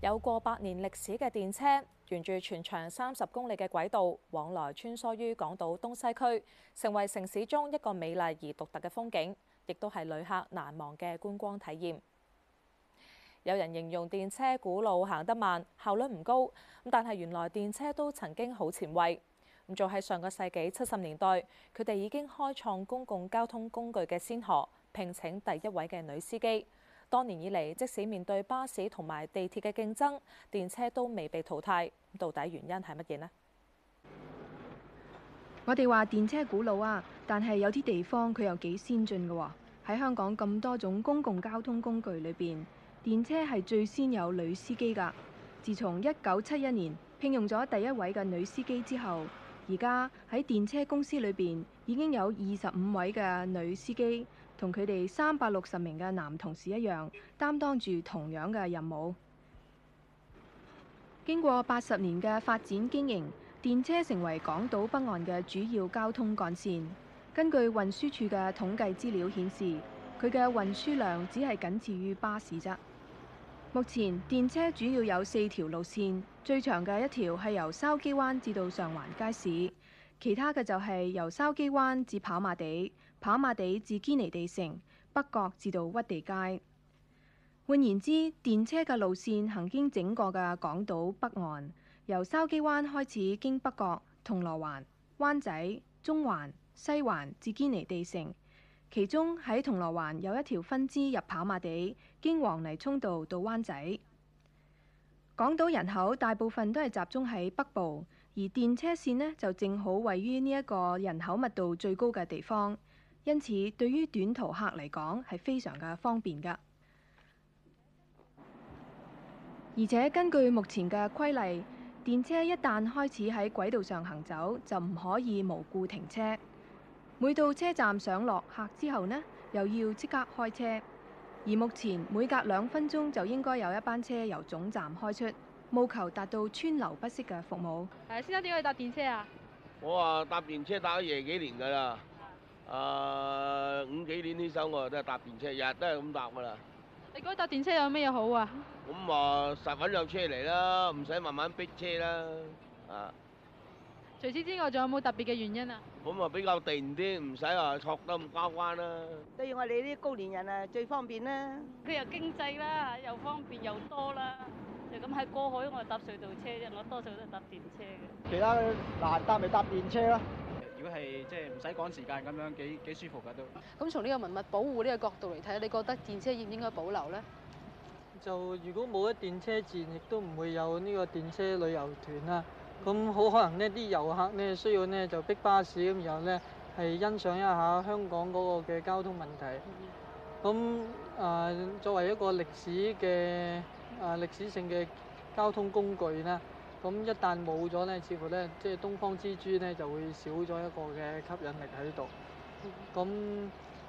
有過百年歷史嘅電車，沿住全長三十公里嘅軌道，往來穿梭於港島東西區，成為城市中一個美麗而獨特嘅風景，亦都係旅客難忘嘅觀光體驗。有人形容電車古老行得慢，效率唔高。咁但係原來電車都曾經好前衞。咁就喺上個世紀七十年代，佢哋已經開創公共交通工具嘅先河，聘請第一位嘅女司機。多年以嚟，即使面對巴士同埋地鐵嘅競爭，電車都未被淘汰。到底原因係乜嘢呢？我哋話電車古老啊，但係有啲地方佢又幾先進嘅喎。喺香港咁多種公共交通工具裏邊，電車係最先有女司機㗎。自從一九七一年聘用咗第一位嘅女司機之後，而家喺電車公司裏邊已經有二十五位嘅女司機。同佢哋三百六十名嘅男同事一樣，擔當住同樣嘅任務。經過八十年嘅發展經營，電車成為港島北岸嘅主要交通幹線。根據運輸處嘅統計資料顯示，佢嘅運輸量只係僅次於巴士啫。目前電車主要有四條路線，最長嘅一條係由筲箕灣至到上環街市。其他嘅就係由筲箕灣至跑馬地，跑馬地至堅尼地城，北角至到屈地街。換言之，電車嘅路線行經整個嘅港島北岸，由筲箕灣開始，經北角、銅鑼灣、灣仔、中環、西環至堅尼地城。其中喺銅鑼灣有一條分支入跑馬地，經黃泥涌道到灣仔。港島人口大部分都係集中喺北部。而電車線呢就正好位於呢一個人口密度最高嘅地方，因此對於短途客嚟講係非常嘅方便㗎。而且根據目前嘅規例，電車一旦開始喺軌道上行走，就唔可以無故停車。每到車站上落客之後呢，又要即刻開車。而目前每隔兩分鐘就應該有一班車由總站開出。務求達到川流不息嘅服務。誒，先生點解搭電車啊？我話搭電車搭咗廿幾年噶啦，誒五幾年起首我啊都係搭電車，日日都係咁搭噶啦。你覺得搭電車有咩嘢好啊？咁啊，實穩有車嚟啦，唔使慢慢逼車啦，啊。除此之外，仲有冇特別嘅原因啊？咁啊，比較定啲，唔使話托得咁交關啦。對於我哋呢啲高年人啊，最方便啦。佢又經濟啦，又方便又多啦。就咁喺過海，我係搭隧道車啫，我多數都係搭電車嘅。其他嗱搭咪搭電車啦。如果係即係唔使趕時間咁樣，幾幾舒服噶都。咁從呢個文物保護呢個角度嚟睇，你覺得電車應唔應該保留咧？就如果冇咗電車自然，亦都唔會有呢個電車旅遊團啦。咁好可能咧，啲遊客咧需要咧就逼巴士，咁然後咧係欣賞一下香港嗰個嘅交通問題。咁啊，呃，作為一個歷史嘅啊歷史性嘅交通工具咧，咁一旦冇咗咧，似乎咧即係東方之珠咧就會少咗一個嘅吸引力喺度。咁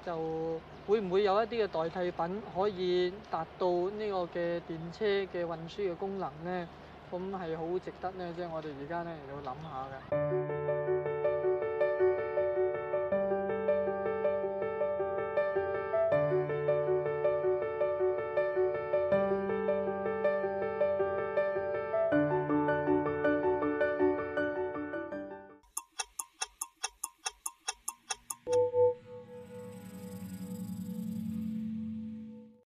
就會唔會有一啲嘅代替品可以達到呢個嘅電車嘅運輸嘅功能咧？咁係好值得咧，即係我哋而家咧要諗下嘅。